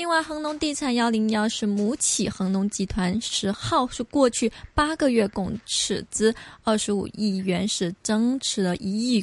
另外，恒隆地產幺零幺是母企恒隆集團十號，是過去八個月共斥資二十五億元，是增持了一億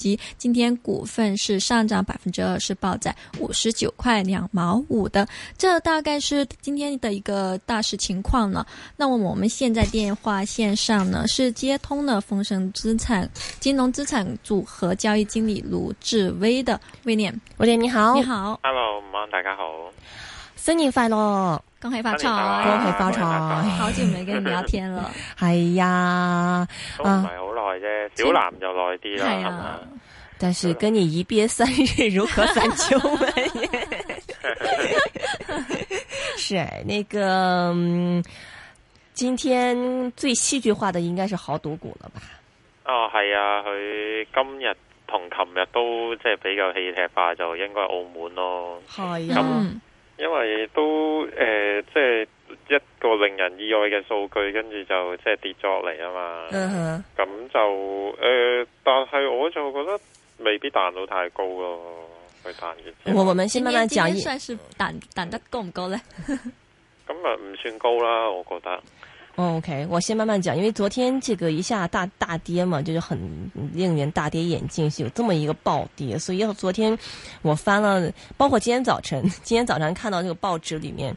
及今天股份是上漲百分之二，是報在五十九塊兩毛五的，這大概是今天的一個大市情況了。那麼我們現在電話線上呢，是接通了豐盛資產金融資產組合交易經理盧志威的威廉，威廉你好，你好，Hello，晚安，大家好，新年快樂，恭喜 are 發財，恭喜發財，好久沒跟你聊天了， 哎呀，啊。Oh 啫，小南就耐啲啦，係嘛、啊？是吧？但是跟你一別三月，如何三秋？是誒，那個今天最戲劇化的應該是濠賭股了吧？哦，係啊，佢今日同琴日都即係比較戲劇化，就應該澳門咯。係啊，咁因為都誒、呃、即係。一個令人意外嘅數據，跟住就即係跌咗落嚟啊嘛，咁、uh huh. 就誒、呃，但係我就覺得未必彈到太高咯，去彈我我們先慢慢講，算是彈彈，彈得高唔高咧？咁啊，唔算高啦，我覺得。OK，我先慢慢講，因爲昨天這個一下大大跌嘛，就是很令人大跌眼鏡，是有這麼一個暴跌，所以昨天我翻了，包括今天早晨，今天早晨看到那個報紙裏面。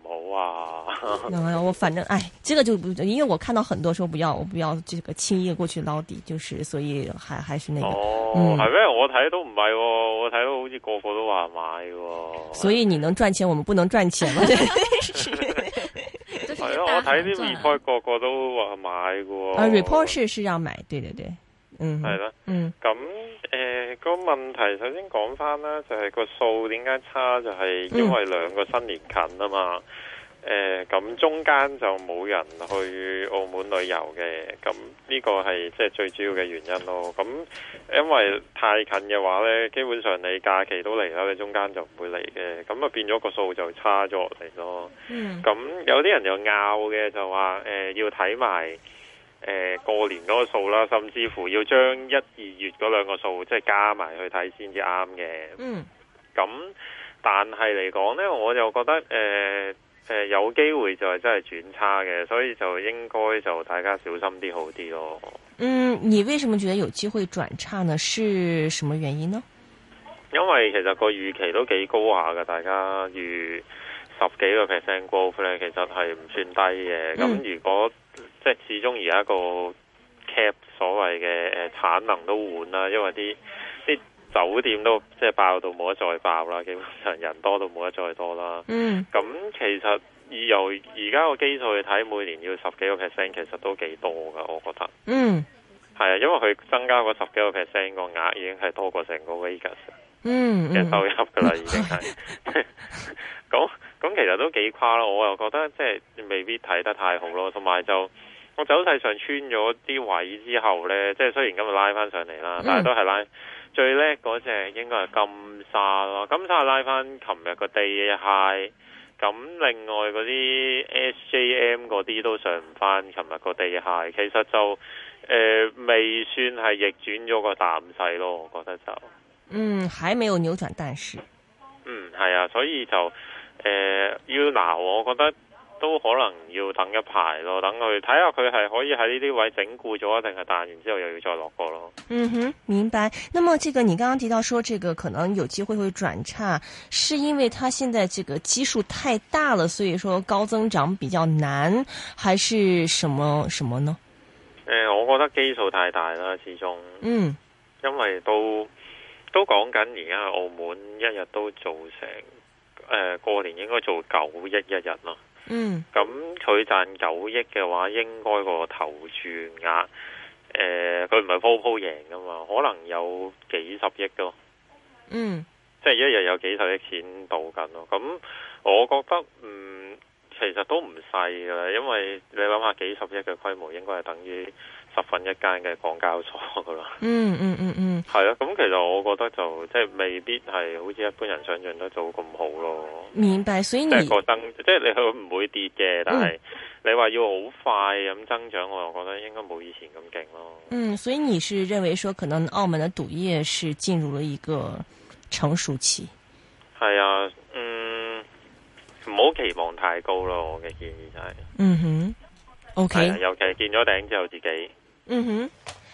哇！ 我反正，唉，這個就不，因為我看到很多時候不要，我不要，這個輕易過去撈底，就是，所以，還還是那個。哦，係咩、嗯？我睇都唔係、哦，我睇都好似個個都話買嘅、哦。所以你能賺錢，我們不能賺錢嘛。係咯，我睇啲 report 個個都話買嘅、哦。啊、report 是是要買，對對對，嗯，係啦的，嗯，咁誒，呃那個問題首先講翻啦，就係、是、個數點解差，就係因為兩個新年近啊嘛。誒，咁、呃、中間就冇人去澳門旅遊嘅，咁呢個係即係最主要嘅原因咯。咁因為太近嘅話呢，基本上你假期都嚟啦，你中間就唔會嚟嘅，咁啊變咗個數就差咗落嚟咯。咁、mm. 嗯、有啲人又拗嘅，就話誒、呃、要睇埋誒過年嗰個數啦，甚至乎要將一二月嗰兩個數即係加埋去睇先至啱嘅。Mm. 嗯，咁但係嚟講呢，我就覺得誒。呃誒、呃，有機會就係真係轉差嘅，所以就應該就大家小心啲好啲咯。嗯，你為什麼覺得有機會轉差呢？是什麼原因呢？因為其實個預期都幾高下㗎，大家預十幾個 percent growth 咧，其實係唔算低嘅。咁如果、嗯、即係始終而家個 cap 所謂嘅誒產能都換啦，因為啲啲。酒店都即係爆到冇得再爆啦，基本上人多到冇得再多啦。嗯，咁其實由而家個基數去睇，每年要十幾個 percent，其實都幾多噶。我覺得嗯係啊，因為佢增加個十幾個 percent 個額，已經係多過成個 Vegas 嗯嘅收入噶啦，嗯嗯、已經係咁咁，嗯、 其實都幾誇咯。我又覺得即係未必睇得太好咯。同埋就我走勢上穿咗啲位之後呢，即係雖然今日拉翻上嚟啦，但係都係拉。最叻嗰隻應該係金沙咯，金沙拉翻琴日個 day high，咁另外嗰啲 SJM 嗰啲都上唔翻琴日個 day high，其實就誒、呃、未算係逆轉咗個淡勢咯，我覺得就嗯還沒有扭轉淡勢，嗯係啊，所以就誒要嗱，呃、una, 我覺得。都可能要等一排咯，等佢睇下佢係可以喺呢啲位整固咗，定係彈完之後又要再落過咯。嗯哼，明白。那麼這個你剛剛提到說，這個可能有機會會轉差，是因為它現在這個基數太大了，所以說高增長比較難，還是什麼什麼呢？誒、呃，我覺得基數太大啦，始終。嗯，因為都都講緊而家澳門一日都做成，誒、呃，過年應該做九億一日咯。嗯，咁佢賺九億嘅話，應該個投注額，誒、呃，佢唔係鋪鋪贏噶嘛，可能有幾十億咯、嗯。嗯，即係一日有幾十億錢賭緊咯。咁我覺得嗯。其實都唔細噶，因為你諗下幾十億嘅規模，應該係等於十分一間嘅港交所噶啦。嗯嗯嗯嗯，係、嗯、啊。咁其實我覺得就即係未必係好似一般人想象得到咁好咯。明白，所以你即個增，即係你佢唔會跌嘅，但係你話要好快咁增長，我又覺得應該冇以前咁勁咯。嗯，所以你是認為說可能澳門嘅賭業是進入了一個成熟期？係啊，嗯。唔好期望太高咯，我嘅建議就係、是，嗯哼，OK，尤其係見咗頂之後自己，嗯哼、mm。Hmm.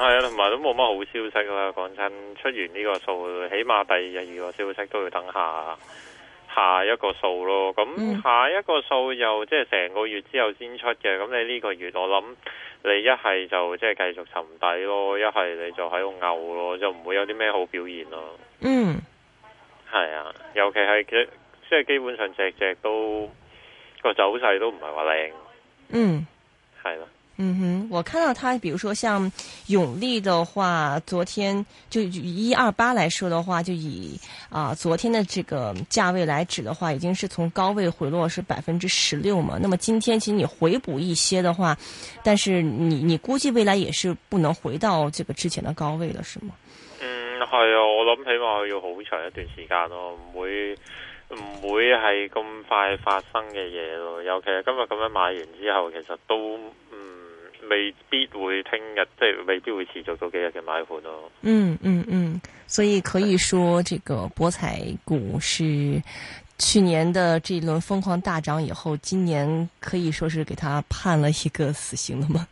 係啊，同埋都冇乜好消息啦。講真，出完呢個數，起碼第二日嘅消息都要等下下一個數咯。咁、mm. 下一個數又即係成個月之後先出嘅。咁你呢個月我諗你一係就即係繼續沉底咯，一係你就喺度拗咯，就唔會有啲咩好表現咯。嗯，係啊，尤其係即係基本上隻只都個走勢都唔係話靚。嗯、mm.，係咯。嗯哼，我看到他，比如說像永利的話，昨天就以一二八來說的話，就以啊、呃、昨天的這個價位來指的話，已經是從高位回落是百分之十六嘛。那麼今天其實你回補一些的話，但是你你估計未來也是不能回到這個之前的高位了，是嗎？嗯係啊，我諗起碼要好長一段時間咯，唔會唔會係咁快發生嘅嘢咯。尤其係今日咁樣買完之後，其實都。未必會聽日，即係未必會持續到幾日嘅買盤咯，嗯。嗯嗯嗯，所以可以說，這個博彩股是去年的這一輪瘋狂大漲以後，今年可以說是給它判了一個死刑的嘛？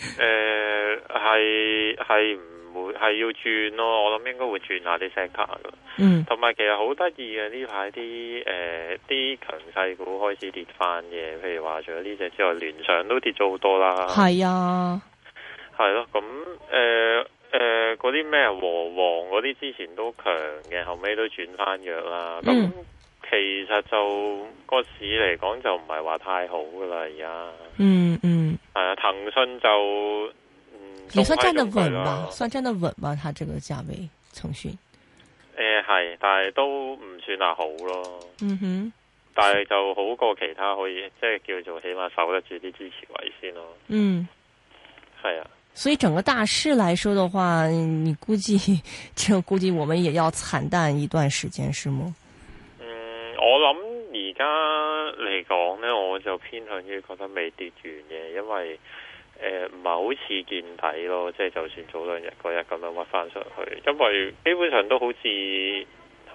誒、呃，係係。係要轉咯，我諗應該會轉下啲 sector 噶。嗯，同埋其實好得意嘅，呢排啲誒啲強勢股開始跌翻嘅，譬如話除咗呢隻之外，聯想都跌咗好多啦。係啊，係咯。咁誒誒，嗰啲咩和黃嗰啲之前都強嘅，後尾都轉翻弱啦。咁其實就個市嚟講就唔係話太好噶啦，而家。嗯嗯。係啊，騰訊就。也算站得穩吧，算站得穩吧，佢這個價位程序，騰訊。誒係，但係都唔算話好咯。嗯哼。但係就好過其他可以，即係叫做起碼守得住啲支持位先咯。嗯。係啊。所以整個大市來說的話，你估計，就估計我們也要慘淡一段時間，是嗎？嗯，我諗而家嚟講呢，我就偏向於覺得未跌完嘅，因為。誒，唔係、呃、好似見底咯，即係就算早兩日嗰日咁樣屈翻上去，因為基本上都好似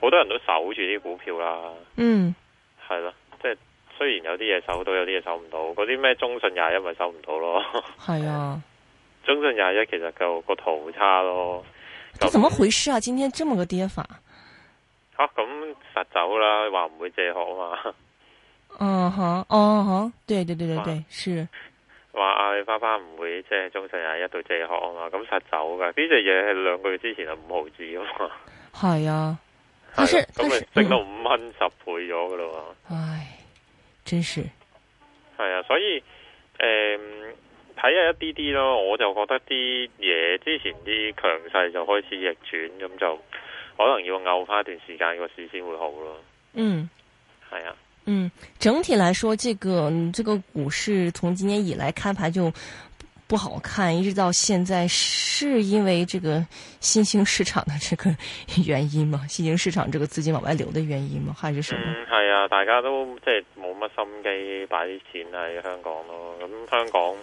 好多人都守住啲股票啦。嗯，係咯，即係雖然有啲嘢守到，有啲嘢守唔到，嗰啲咩中信廿一咪守唔到咯。係啊，中信廿一其實就個圖差咯。咁怎麼回事啊？今天這麼個跌法？吓、啊，咁實走啦，話唔會借殼嘛？嗯哼、uh，哦、huh, 哼、uh，huh, 對對對對對，啊、是。話阿里巴巴唔會即係中四廿一度借殼啊嘛，咁實在走噶。呢隻嘢，係兩個月之前就五毫紙啊嘛，係啊，咁咪升到五蚊十倍咗噶咯，唉，真是係啊，所以誒睇下一啲啲咯，我就覺得啲嘢之前啲強勢就開始逆轉，咁就可能要拗翻一段時間個市先會好咯，嗯，係啊。嗯，整體來說，這個這個股市從今年以來開盤就不好看，一直到現在，是因為這個新興市場的這個原因嘛？新興市場這個資金往外流的原因嘛？還是什麼？嗯，係啊，大家都即係冇乜心機擺錢喺香港咯。咁香港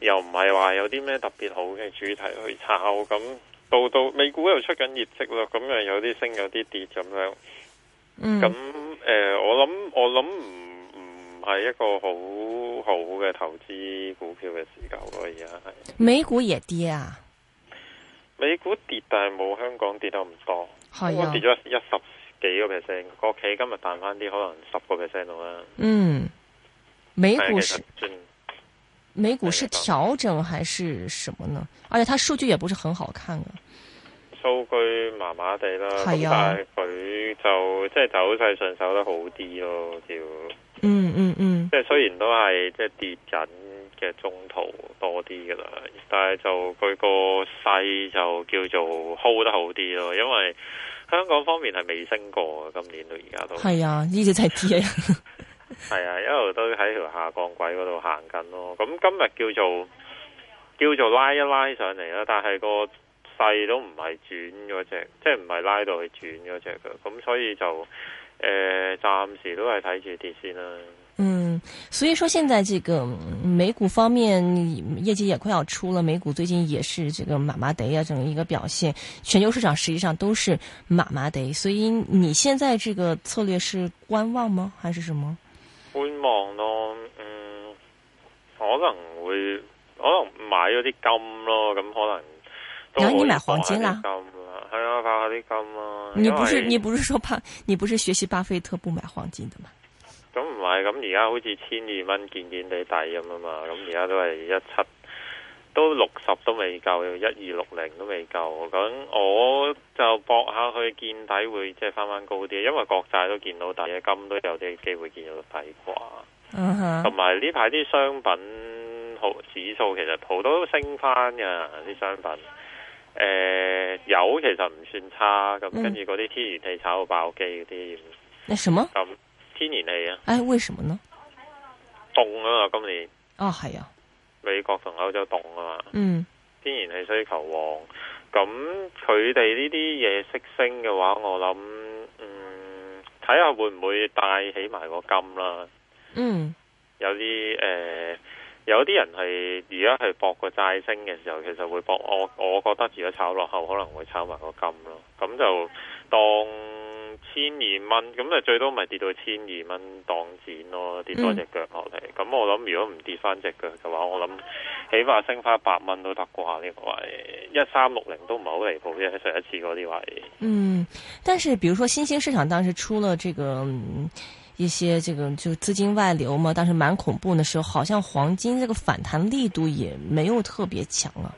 又唔係話有啲咩特別好嘅主題去炒，咁到到美股又出緊業績咯，咁又有啲升有啲跌咁樣。嗯，咁、嗯。誒、呃，我諗我諗唔唔係一個好好嘅投資股票嘅時間咯，而家係。美股也跌啊，美股跌但係冇香港跌得咁多，我跌咗一十幾個 percent，啊、國企今日彈翻啲，可能十個 percent 到啦。嗯，美股是，是、就是、美股是調整還是什麼呢？而且它數據也不是很好看啊。數據麻麻地啦，咁但係佢就即係、就是、走勢上手得好啲咯，就嗯嗯嗯，即、嗯、係、嗯、雖然都係即係跌緊嘅中途多啲噶啦，但係就佢個勢就叫做 hold 得好啲咯，因為香港方面係未升過啊，今年到而家都係啊，呢隻真係跌呀，係 啊，一路都喺條下降軌嗰度行緊咯，咁今日叫做叫做拉一拉上嚟啦，但係個。細都唔係轉嗰隻，即係唔係拉到去轉嗰隻噶，咁所以就誒暫時都係睇住跌先啦。嗯，所以說現在這個美股方面業績也快要出了，美股最近也是這個麻麻地啊，這麼一個表現。全球市場實際上都是麻麻地，所以你現在這個策略是觀望嗎？還是什麼？觀望咯，嗯，可能會可能買咗啲金咯，咁可能。然後你買黃金啦、金啊，係啊，搏下啲金啊？你不是你不是說怕你不是學習巴菲特不買黃金的嗎？咁唔係，咁而家好似千二蚊見見地底咁啊嘛，咁而家都係一七都六十都未夠，一二六零都未夠。咁我就搏下去見底會即係翻翻高啲，因為國債都見到底，金都有啲機會見到底啩。嗯哼，同埋呢排啲商品好指數其實好多升翻噶，啲商品。誒、呃，有其實唔算差，咁，那跟住嗰啲天然氣炒到爆機嗰啲。嗯嗯、那什麼？咁天然氣啊？哎，為什麼呢？凍啊嘛，今年。哦，係啊。美國同歐洲凍啊嘛。嗯。天然氣需求旺，咁佢哋呢啲嘢息升嘅話，我諗，嗯，睇下會唔會帶起埋個金啦。嗯。有啲誒。呃有啲人係而家係搏個債升嘅時候，其實會搏我，我覺得如果炒落後，可能會炒埋個金咯。咁就當千二蚊，咁就最多咪跌到千二蚊當展咯，跌多隻腳落嚟。咁、嗯、我諗如果唔跌翻隻腳嘅話，我諗起碼升翻一百蚊都得啩，呢個位一三六零都唔係好離譜啫，上一次嗰啲位。嗯，但是，比如說新興市場當時出了這個。一些這個就資金外流嘛，但是蠻恐怖的時候，好像黃金這個反彈力度也沒有特別強啊。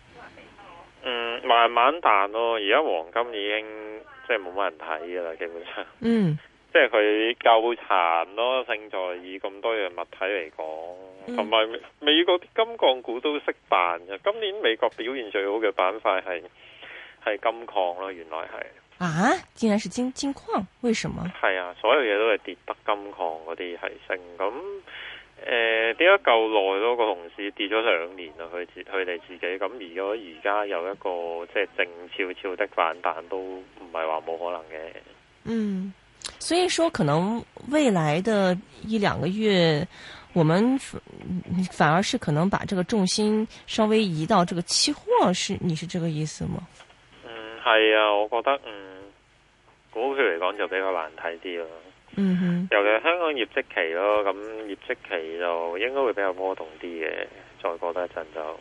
嗯，慢慢彈咯，而家黃金已經即係冇乜人睇噶啦，基本上。嗯。即係佢夠殘咯，勝在以咁多樣物體嚟講，同埋、嗯、美國啲金礦股都識彈嘅。今年美國表現最好嘅板塊係係金礦咯，原來係。啊！竟然是金金礦，為什麼？係啊，所有嘢都係跌得金礦嗰啲係升咁。誒、呃，跌咗夠耐嗰個同事跌咗兩年啦。佢自佢哋自己咁，己那如果而家有一個即係靜悄悄的反彈，都唔係話冇可能嘅。嗯，所以說可能未來的一兩個月，我們反反而是可能把這個重心稍微移到這個期貨，是你是這個意思嗎？係啊，我覺得嗯，股票嚟講就比較難睇啲咯。嗯、mm hmm. 尤其係香港業績期咯，咁業績期就應該會比較波動啲嘅。再過多一陣就。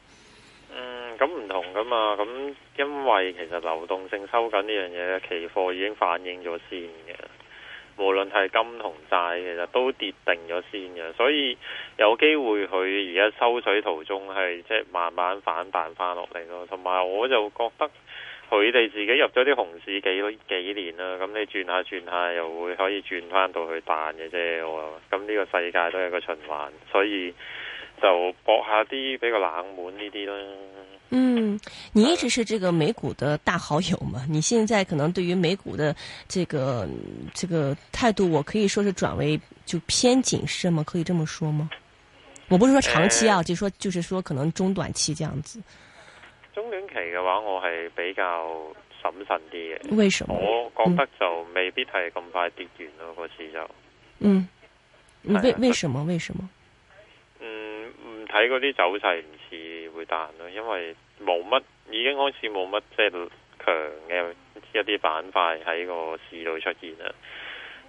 咁啊，咁因為其實流動性收緊呢樣嘢，期貨已經反映咗先嘅。無論係金同債，其實都跌定咗先嘅，所以有機會佢而家收水途中係即係慢慢反彈翻落嚟咯。同埋我就覺得佢哋自己入咗啲熊市幾幾年啦，咁你轉下轉下又會可以轉翻到去彈嘅啫。咁呢個世界都係個循環，所以就博下啲比較冷門呢啲啦。嗯，你一直是這個美股的大好友嘛？你現在可能對於美股的這個這個態度，我可以說是轉為就偏謹慎嘛？可以這麼說嗎？我不是說長期啊，呃、就說就是說可能中短期這樣子。中短期的話，我係比較審慎啲嘅。為什麼？我覺得就未必係咁快跌完咯，嗰、嗯、次就。嗯， 嗯，為為什麼？為什麼？睇嗰啲走勢唔似會彈咯，因為冇乜，已經開始冇乜即係強嘅一啲板塊喺個市度出現啦。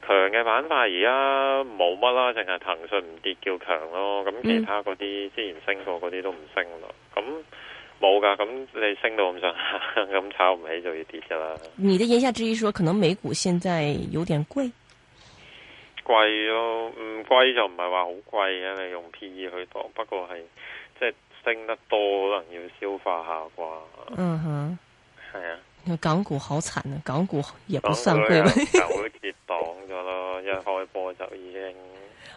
強嘅板塊而家冇乜啦，淨係騰訊唔跌叫強咯。咁其他嗰啲，嗯、之前升過嗰啲都唔升咯。咁冇㗎，咁你升到咁上下，咁炒唔起就要跌㗎喇。你嘅言下之意說，可能美股現在有點貴。貴咯，唔貴就唔係話好貴啊。你用 P E 去度，不過係即係升得多，可能要消化下啩。嗯哼、uh，係、huh. 啊。個港股好慘啊，港股也不算貴。港股跌檔咗咯，一開波就已經。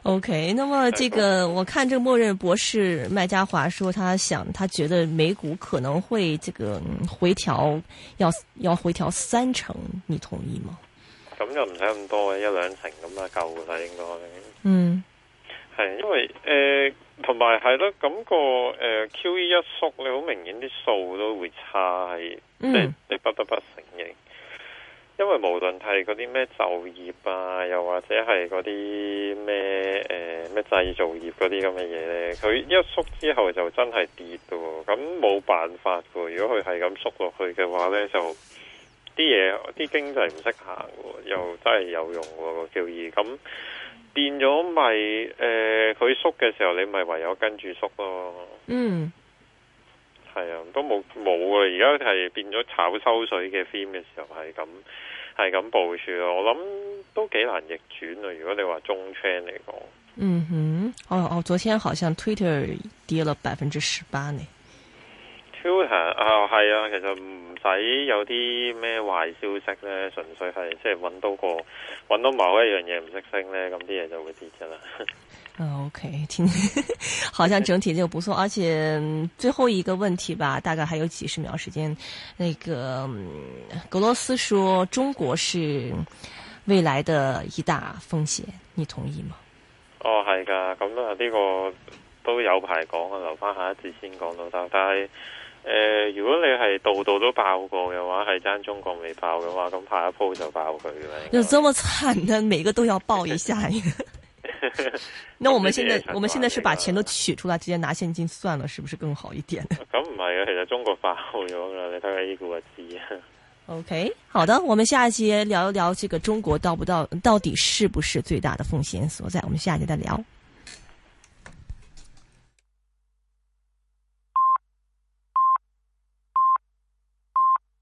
O K，那麼這個我看這個末日博士麥嘉華說，他想，他覺得美股可能會這個回調，要要回調三成，你同意嗎？咁就唔使咁多嘅，一兩成咁啊夠啦，應該。應該嗯，係因為誒，同埋係咯，咁、嗰個誒、呃、QE 一縮你好明顯啲數都會差，係即係你不得不承認。因為無論係嗰啲咩就業啊，又或者係嗰啲咩誒咩製造業嗰啲咁嘅嘢咧，佢一縮之後就真係跌喎。咁冇辦法喎。如果佢係咁縮落去嘅話咧，就。啲嘢啲經濟唔識行喎，又真係有用喎，個調二咁變咗咪？佢、呃、縮嘅時候，你咪唯有跟住縮咯。嗯，係啊，都冇冇啊！而家係變咗炒收水嘅 theme 嘅時候係咁，係咁部署咯。我諗都幾難逆轉啊！如果你話中槍嚟講，嗯哼，哦哦，昨天好像 Twitter 跌了百分之十八呢。啊，係、哦、啊，其實唔使有啲咩壞消息咧，純粹係即係搵到個搵到某一樣嘢唔識升咧，咁啲嘢就會跌噶啦。嗯，OK，聽，聽，好像整體就不錯， 而且最後一個問題吧，大概還有幾十秒時間。那個、嗯、俄羅斯說中國是未來的一大風險，你同意嗎？哦，係噶，咁啊呢個都有排講啊，留翻下一節先講到收，但係。誒、呃，如果你係度度都爆過嘅話，係爭中國未爆嘅話，咁派一鋪就爆佢嘅咩？有這麼慘嘅，每個都要爆一下？ 那我們現在， 我們現在是把錢都取出來，直接拿現金算了，是不是更好一點？咁唔係啊，其實中國爆咗，你睇下呢個字。OK，好的，我們下一節聊一聊這個中國到不到，到底是不是最大的風險所在？我們下一節再聊。